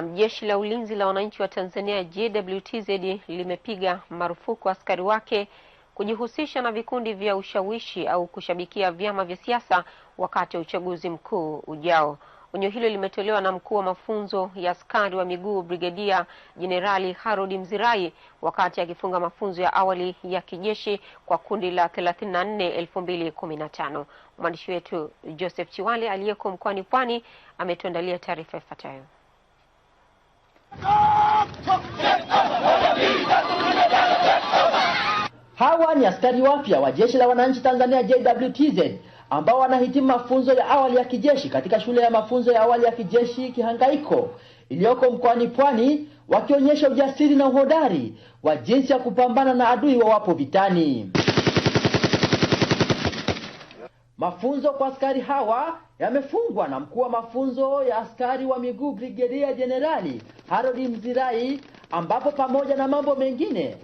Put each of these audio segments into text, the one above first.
Naam, jeshi la ulinzi la wananchi wa Tanzania JWTZ limepiga marufuku askari wake kujihusisha na vikundi vya ushawishi au kushabikia vyama vya siasa wakati wa uchaguzi mkuu ujao. Onyo hilo limetolewa na mkuu wa mafunzo ya askari wa miguu Brigedia Jenerali Harold Mzirai wakati akifunga mafunzo ya awali ya kijeshi kwa kundi la 34 2015. Mwandishi wetu Joseph Chiwale aliyeko mkoani Pwani ametuandalia taarifa ifuatayo. Hawa ni askari wapya wa Jeshi la Wananchi Tanzania JWTZ ambao wanahitimu mafunzo ya awali ya kijeshi katika shule ya mafunzo ya awali ya kijeshi Kihangaiko iliyoko mkoani Pwani, wakionyesha ujasiri na uhodari wa jinsi ya kupambana na adui wawapo vitani. Mafunzo kwa askari hawa yamefungwa na mkuu wa mafunzo ya askari wa miguu Brigedia Jenerali Harold Mzirai, ambapo pamoja na mambo mengine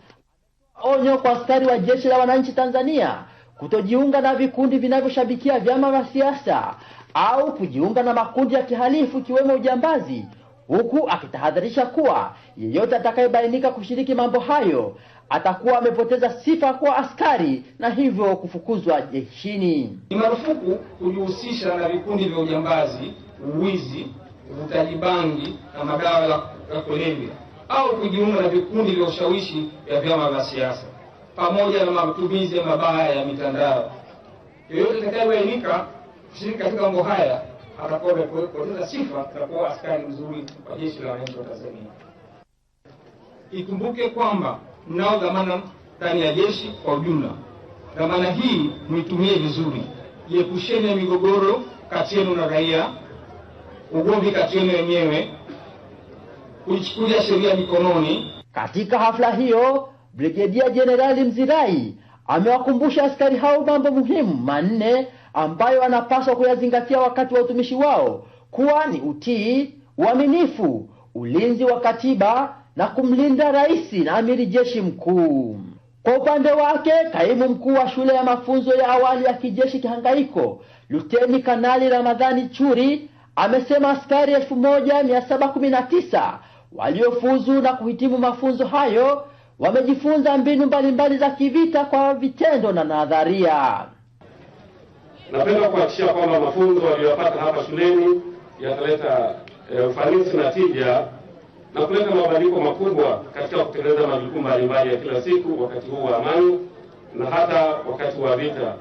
onyo kwa askari wa jeshi la wananchi Tanzania kutojiunga na vikundi vinavyoshabikia vyama vya siasa au kujiunga na makundi ya kihalifu ikiwemo ujambazi huku akitahadharisha kuwa yeyote atakayebainika kushiriki mambo hayo atakuwa amepoteza sifa kwa askari na hivyo kufukuzwa jeshini. Ni marufuku kujihusisha na vikundi vya ujambazi, uwizi, uvutaji bangi na madawa ya kulevya au kujiunga na vikundi vya ushawishi vya vyama vya siasa pamoja na matumizi mabaya ya mitandao. Yeyote atakayebainika kushiriki katika mambo haya atakuwa amepoteza sifa na kuwa askari mzuri wa jeshi la wananchi wa Tanzania. Ikumbuke kwamba mnao dhamana ndani ya jeshi kwa ujumla. Dhamana hii mwitumie vizuri, jiepusheni ya migogoro kati yenu na raia, ugomvi kati yenu wenyewe, kuichukulia sheria mikononi. Katika hafla hiyo, Brigedia Jenerali Mzirai amewakumbusha askari hao mambo muhimu manne ambayo anapaswa kuyazingatia wakati wa utumishi wao kuwa ni utii, uaminifu, ulinzi wa katiba na kumlinda rais na amiri jeshi mkuu. Kwa upande wake, kaimu mkuu wa shule ya mafunzo ya awali ya kijeshi Kihangaiko, Luteni Kanali Ramadhani Churi amesema askari 1719 waliofuzu na kuhitimu mafunzo hayo wamejifunza mbinu mbalimbali za kivita kwa vitendo na nadharia. Napenda kuhakikishia kwamba mafunzo waliyopata hapa shuleni yataleta eh, ufanisi e, na tija na kuleta mabadiliko makubwa katika kutekeleza majukumu mbalimbali ya kila siku wakati huu wa amani na hata wakati wa vita.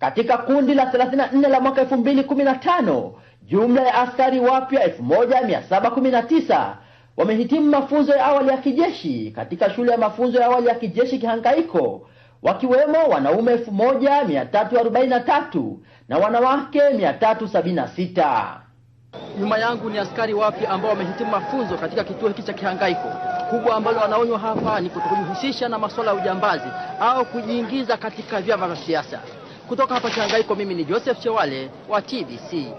Katika kundi la 34 la mwaka 2015 jumla ya askari wapya 1719 wamehitimu mafunzo ya awali ya kijeshi katika shule ya mafunzo ya awali ya kijeshi Kihangaiko wakiwemo wanaume 1343 na wanawake 376. Nyuma yangu ni askari wapya ambao wamehitimu mafunzo katika kituo hiki cha kihangaiko kubwa, ambalo wanaonywa hapa ni kutokujihusisha na masuala ya ujambazi au kujiingiza katika vyama vya siasa. Kutoka hapa Kihangaiko, mimi ni Joseph Chewale wa TBC.